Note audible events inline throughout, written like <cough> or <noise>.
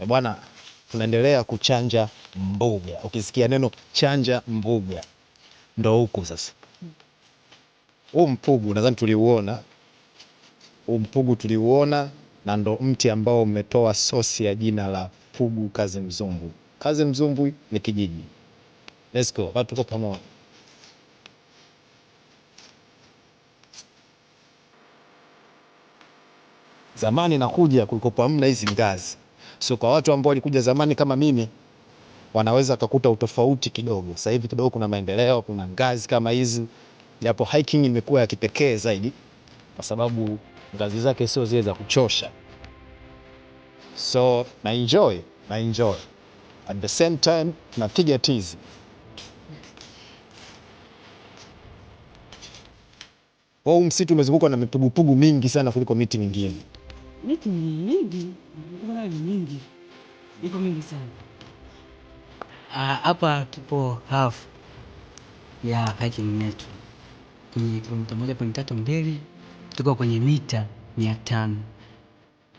Eh, bwana, tunaendelea kuchanja mbuga. Ukisikia neno chanja mbuga, ndo huku sasa. Huu mpugu nadhani tuliuona, huu mpugu tuliuona, na ndo mti ambao umetoa sosi ya jina la Pugu Kazi Mzumbu. Kazi Mzumbu ni kijiji. Let's go, watu tuko pamoja. Zamani nakuja kulikopo hamna hizi ngazi So kwa watu ambao walikuja zamani kama mimi wanaweza kukuta utofauti kidogo. Sasa hivi kidogo kuna maendeleo, kuna ngazi kama hizi. Japo hiking imekuwa ya kipekee zaidi kwa sababu ngazi zake sio zile za kuchosha. So na enjoy, na enjoy. At the same time napiga tizi. Huu msitu umezungukwa na mipugupugu mingi sana kuliko miti mingine miti ni mingi, mbona ni mingi, iko mingi sana Uh, hapa. Tupo half ya hiking yetu kwenye kilomita moja pointi tatu mbili tuko kwenye mita mia tano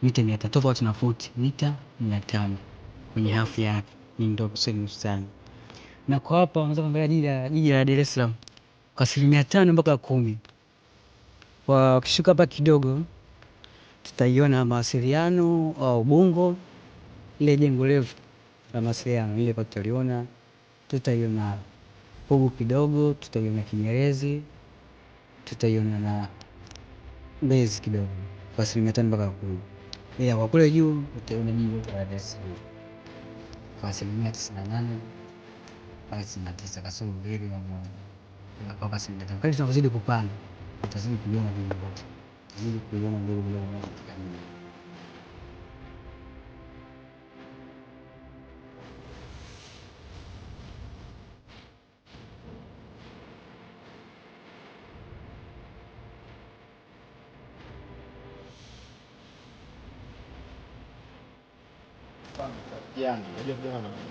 mita mia tano tofauti na futi, mita mia tano kwenye hafu ya ni ndogo, sio nusu sana. Na kwa hapa unaweza kuangalia jiji la jiji la Dar es Salaam kwa asilimia tano mpaka kumi. Wakishuka hapa kidogo tutaiona mawasiliano au Ubungo, ile jengo refu la mawasiliano ile tutaliona, tutaiona Pugu kidogo, tutaiona Kinyerezi, tutaiona na Mbezi kidogo kwa asilimia tano mpaka kumi, ila kwa kule juu utaiona jengo la Dar es Salaam kwa asilimia tisini na nane mpaka tisini na tisa kasoro mbili, tunazidi kupanda, utazidi kuviona vingi ili kuiona mbele bila uongozi kamili.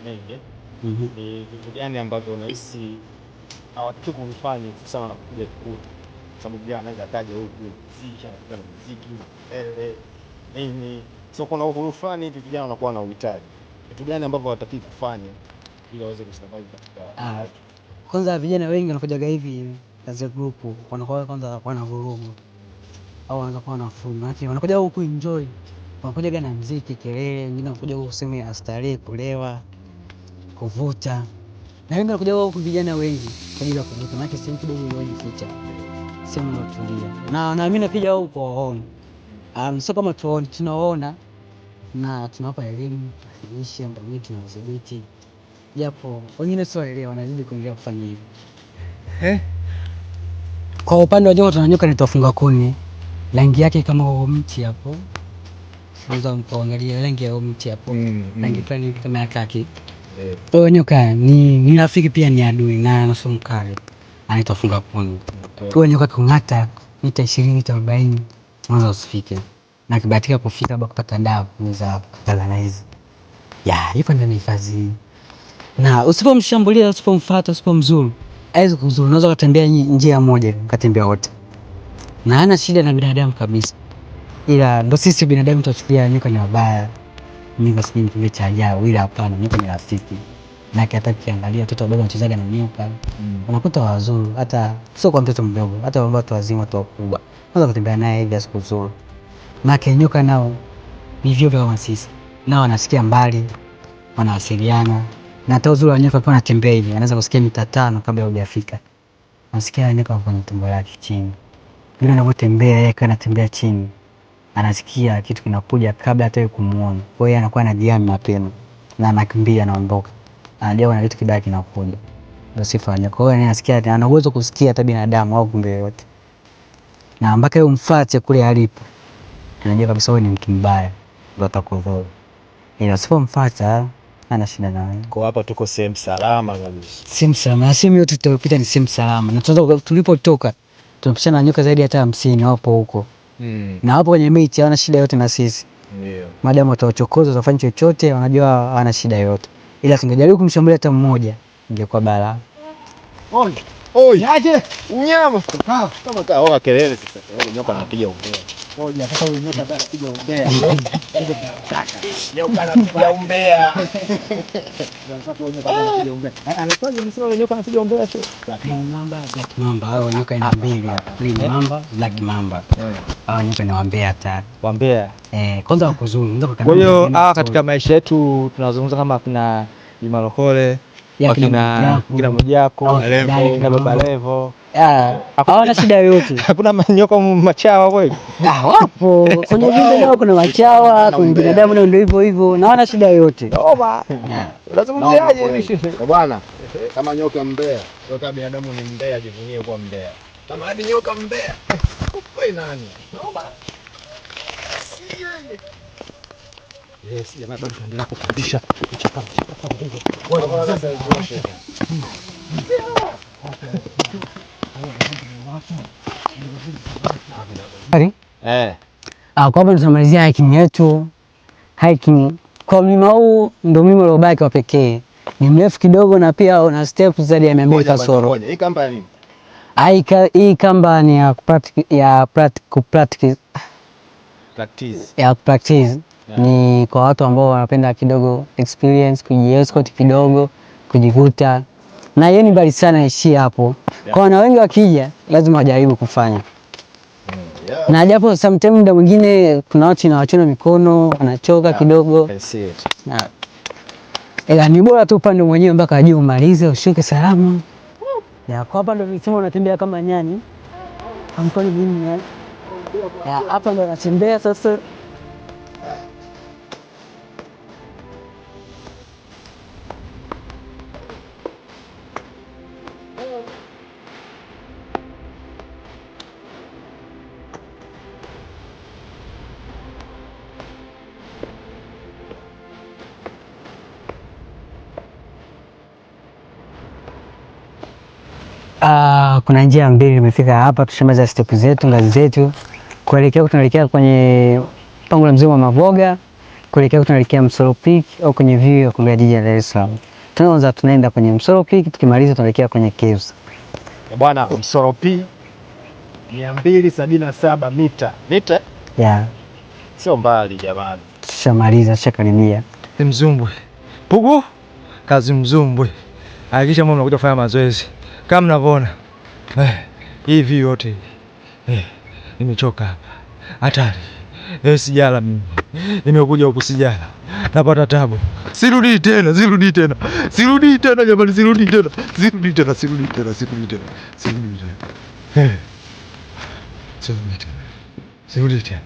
mengi mhm. ambavyo unahisi hawataki kuvifanya sana kuja kukuta sababu kijana anaweza kaja huku muziki, anapenda muziki, makelele nini. So kuna uhuru fulani hivi vijana wanakuwa na uhitaji. Vitu gani ambavyo hawataki kufanya ili waweze kusurvive katika ah. Kwanza vijana wengi wanakujaga hivi as a group, wanakuwa kwanza kwa na vurugu au wanaanza wanakuwa na fumo, lakini wanakuja huku enjoy, wanakujaga na muziki, kelele, wengine wanakuja huku sehemu ya starehe, kulewa, kuvuta na wengi wanakuja huku vijana wengi kwa ajili ya kuvuta, maana sehemu kidogo ni wengi inajificha sehemu imetulia, na naamini pia huko waone, um, sio kama tuone, tunaona na tunawapa elimu afilishi ambayo tunadhibiti, japo wengine sio waelewa, wanazidi kuingia kufanya hivi eh. Kwa upande wa jengo tunanyoka litafunga kuni, rangi yake kama mti hapo Angalia rangi ya mti hapo, rangi mm, mm. fulani kama ya kaki. Eh. Kwa hiyo nyoka ni ni rafiki pia ni adui na anasumkali anaitafunga pundu kiwa nyoka kung'ata mita ishirini mita arobaini mwanzo usifike na kibahatika kufika labda kupata dawa za galvanaizi ya ipo ndo ni hifadhi na usipomshambulia usipomfuata usipomzuru awezi kuzuru unaweza ukatembea njia moja katembea wote na ana shida na binadamu kabisa ila ndo sisi binadamu tunachukulia nyoka ni wabaya nyoka sijui ni kile cha ajabu ila hapana nyoka ni rafiki na hata kiangalia watoto wadogo wanachezaga na mioyo mm. unakuta wazuri, hata sio kwa mtoto mdogo, hata watu wazima, watu wakubwa unaweza kutembea naye hivi asikuzuru. Maana nyoka nao ni vio vya kama sisi, nao wanasikia mbali, wanawasiliana na hata uzuri wa nyoka pia, anatembea hivi anaweza kusikia mita tano kabla hujafika, anasikia nyoka kwenye tumbo lake chini, vile anavyotembea yeye, kana anatembea chini, anasikia kitu kinakuja kabla hata yeye kumuona, kwa hiyo anakuwa anajiami mapema na anakimbia, anaondoka anajua kuna kitu kibaya kinakuja, ndio sifa yake. Kwa hiyo anasikia, ana uwezo kusikia hata binadamu au kumbe yote, na mpaka yeye umfuate kule alipo, anajua kabisa wewe ni mtu mbaya, ndio atakudhuru. Ila usipomfuata ana shida na wewe. Kwa hapa tuko sehemu salama kabisa, sehemu salama na sehemu yote tutayopita ni sehemu salama, na tunaanza tulipotoka tunapishana nyoka zaidi hata hamsini wapo huko mm. na hapo kwenye miti, hawana shida yote na sisi, ndio madamu watawachokoza watafanya chochote, wanajua hawana shida yote ila singejaribu kumshambulia hata mmoja, ingekuwa bala. Oi, oi, aje mnyama ah, kama kaoa kelele sasa, yaani nyoka anapiga ubao nyoka ina mbili hapa. mamba, black mamba. Hao nyoka ni wambea Wambea. Eh, kwanza wakuzuru. Kwa hiyo ah, katika maisha yetu tunazungumza kama kuna Juma Lokole ya kina kina Mwijaku oh, na Baba Levo hawana <laughs> shida yoyote. Hakuna manyoko machawa kweli? Ah, wapo kwenye vile nao kuna machawa, kwenye binadamu nao ndio hivyo hivyo, na hawana shida yoyote. Noma. Unazungumziaje <laughs> bwana? Kama nyoka mbea, kama binadamu ni mbea, jivunie kuwa mbea. Kama hadi nyoka mbea. Kwa <laughs> nani? Noma. Yes, jamaa bado tunaendelea kupandisha mchakato. Eh. Ah, kwa hapa tutamalizia hiking yetu. Hiking kwa mlima huu ndio mlima uliobaki wa pekee. Ni mrefu kidogo na pia una steps zaidi ya 200 kasoro. Hii kamba ya nini? Ah, hii kamba ni ya practice ya practice. Practice. Ya practice ni kwa watu ambao wanapenda kidogo experience, kujiescort kidogo, kujivuta na hiyo ni bali sana, ishi hapo. Kwa wana wengi wakija, lazima wajaribu kufanya hmm, na japo sometimes muda mwingine kuna watu inawachona mikono wanachoka kidogo na, ila ni bora tu upande mwenyewe mpaka ajue umalize, ushuke salama hmm. ya kwa hapa ndo nilisema unatembea kama nyani amkoni mimi eh. hapa ndo natembea sasa Uh, kuna njia mbili imefika hapa, tushamaliza step zetu ngazi zetu kuelekea tunaelekea kwenye pango la mzee wa Mavoga kuelekea tunaelekea Msoro Peak au kwenye view ya kuangalia jiji la Dar es Salaam. Tunaanza tunaenda kwenye Msoro Peak, tukimaliza tunaelekea kwenye caves. Ya Bwana Msoro Peak 277 mita. Mita? Yeah. Sio mbali jamani. Tushamaliza, tushakaribia. Mzumbwe. Pugu kazi Mzumbwe. Hakikisha mnakuja kufanya mazoezi kama mnavyoona eh, hivi yote eh, nimechoka hapa, hatari eh, sijala mimi, nimekuja huku sijala, napata tabu, sirudi tena, sirudi tena, sirudi tena jamani, sirudi tena, sirudi tena, sirudi tena, sirudi tena, sirudi tena, eh. sirudi tena, sirudi tena.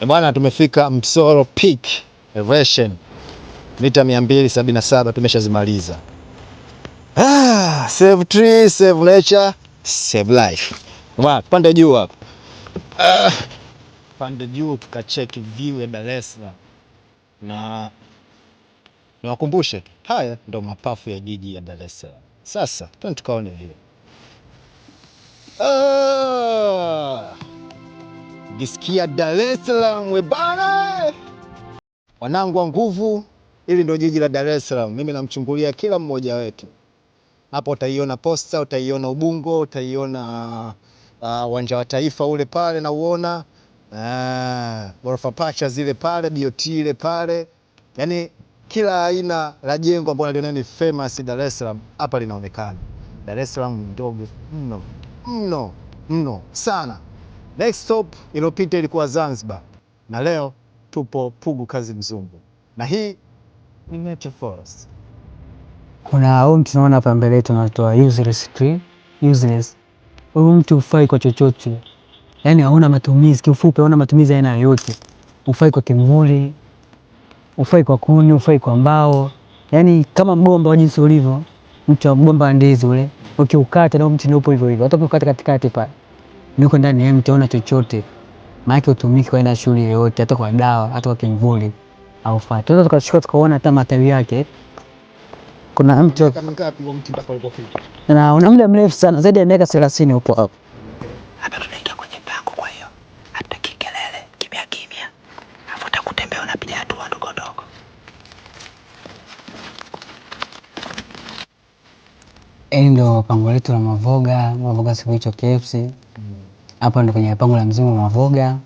Eh, bwana, tumefika Msoro Peak Elevation mita 277 tumeshazimaliza. Ah, save tree, save nature, save life. Bwana, pande juu hapa. Ah, pande juu tukacheki view ya Dar es Salaam. Na niwakumbushe, haya ndo mapafu ya jiji ya Dar es Salaam. Sasa twende tukaone vile. Ah! Jisikia Dar es Salaam we bana, wanangu wa nguvu, hili ndio jiji la Dar es Salaam. Mimi namchungulia kila mmoja wetu hapo, Utaiona posta, utaiona Ubungo, utaiona uh, uwanja uh, wa Taifa ule pale na uona uh, ghorofa uh, pacha zile pale, BOT ile pale, yaani kila aina la jengo ambalo naliona ni famous Dar es Salaam hapa linaonekana. Dar es Salaam ndogo mno mno mno sana. Next stop iliyopita ilikuwa Zanzibar na leo tupo Pugu Kazi Mzungu na hii ni Metro Forest. Kuna huu mti tunaona hapa mbele yetu unatoa useless tree, useless. Huu mtu ufai kwa chochote, yaani hauna matumizi, kiufupi hauna matumizi aina yoyote. Ufai kwa kimvuli, ufai kwa kuni, ufai kwa mbao, yaani kama mgomba wa jinsi ulivyo, mti wa mgomba wa ndizi ule ukiukata na mti upo hivyo hivyo, hata ukikata katikati pale niko ndani ya mtaona chochote, maanake utumiki kwa aina shughuli yoyote, hata kwa dawa, hata kwa kimvuli au fati. Tunaweza tukashika tukaona hata matawi yake kuna mtu na una muda mrefu sana zaidi ya miaka 30 upo hapo. Hapa tunaingia kwenye pango, kwa hiyo hatutaki kelele, kimya kimya. Alafu utakutembea unapiga hatua ndogo ndogo. Hili ndio pango letu la Mavoga, Mavoga Sikuicho KFC. Hapa ndo kwenye pango la mzimu wa Mavoga.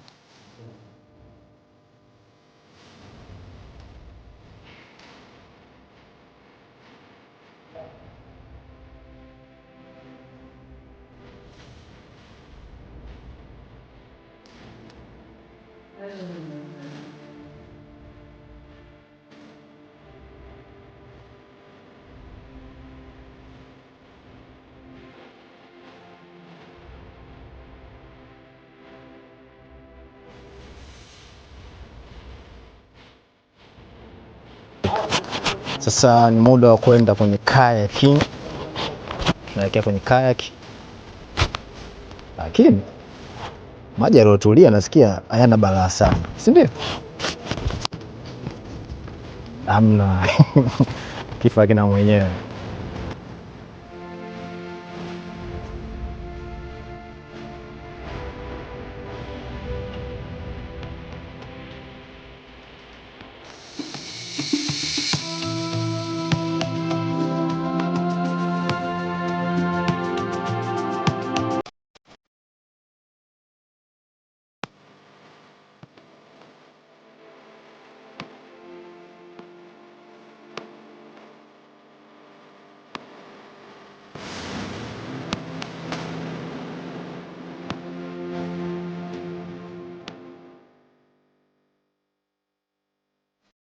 Sasa ni muda wa kwenda kwenye kayaking, naelekea kwenye kayak, lakini maji yaliyotulia nasikia hayana balaa sana, si ndio? Amna, <laughs> kifaa kina mwenyewe.